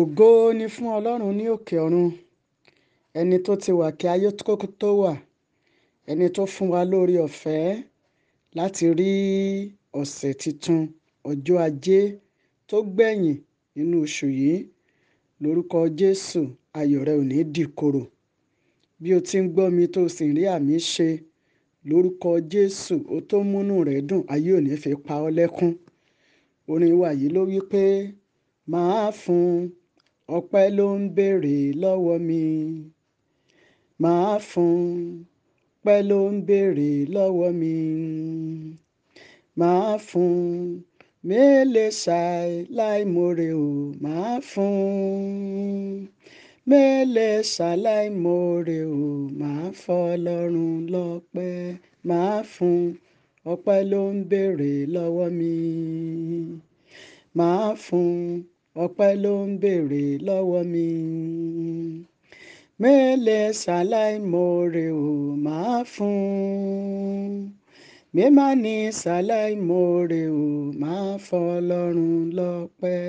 ògo ni fún ọlọ́run ní òkè ọ̀run ẹni tó ti wà kí ayé tó wà ẹni tó fún wa lórí ọ̀fẹ́ láti rí ọ̀sẹ̀ tuntun ọjọ́ ajé tó gbẹ̀yìn nínú oṣù yìí lórúkọ jésù ayọ̀ rẹ ò ní dìkorò bí o ti ń gbọ́ mi tó o sì ń rí àmì ṣe lórúkọ jésù o tó múnú rẹ dùn ayé ò ní fi pa ọ́ lẹ́kún orin wa yìí ló wí pé máa fún un ọpẹ́ ló ń béèrè lọ́wọ́ mi màá fún pẹ́ ló ń béèrè lọ́wọ́ mi màá fún mélèé ṣáì láìmoore o màá fún mélèé ṣáì láìmoore o màá fọlọ́run lọ́pẹ́ màá fún ọpẹ́ ló ń béèrè lọ́wọ́ mi màá fún ọpẹ́ ló ń béèrè lọ́wọ́ mi mẹ́lẹ̀ ṣàláìmoore ò máa fún mímá ní ṣàláìmoore ò máa fọlọ́run lọ́pẹ́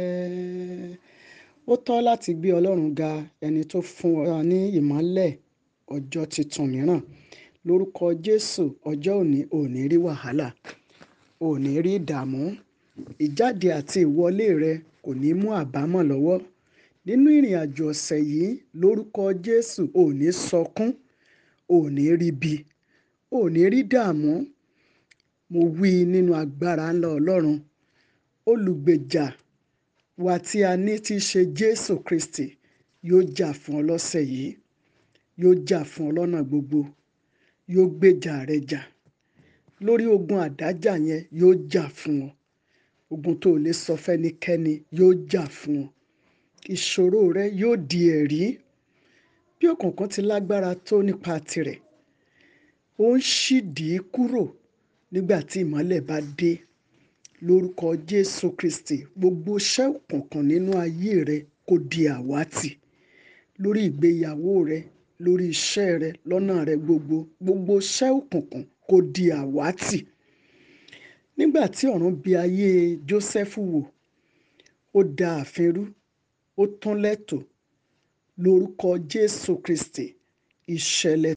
ó tọ́ láti gbé ọlọ́run ga ẹni tó fún wa ní ìmọ́lẹ̀ ọjọ́ tuntun mìíràn lórúkọ jésù ọjọ́ òní ò rí wàhálà ò rí ìdààmú ìjáde àti ìwọlé rẹ kò ní mú àbámọ̀ lọ́wọ́ nínú ìrìn àjò ọ̀sẹ̀ yìí lórúkọ jésù ò sọkún ò ríbi ò rí dààmú mo wí nínú agbára ńlá ọlọ́run olùgbèjà wa tí a ní ti ṣe jésù kristi yóò jà fún ọ lọ́sẹ̀ yìí yóò jà fún ọ lọ́nà gbogbo yóò gbèjà rẹ jà lórí ogun àdájà yẹn yóò jà fún ọ ogun tó o lè sọ fẹ́nikẹ́ni yóò jà fún ọ ìṣòro rẹ yóò di ẹ̀rí bí ọ̀kọ̀ọ̀kan ti lágbára tó nípa tirẹ̀ ó ń ṣídìí kúrò nígbà tí ìmọ́lẹ̀ bá dé lórúkọ jésù kristi gbogbo iṣẹ́ òkùnkùn nínú ayé rẹ kò di àwátì lórí ìgbéyàwó rẹ lórí iṣẹ́ rẹ lọ́nà rẹ gbogbo gbogbo iṣẹ́ òkùnkùn kò di àwátì nígbà tí ọ̀run bi ayé jósẹ́fù wò ó da ààfin rú ó tún lẹ́tọ̀ọ́ lórúkọ jésù kristi ìṣẹ̀lẹ̀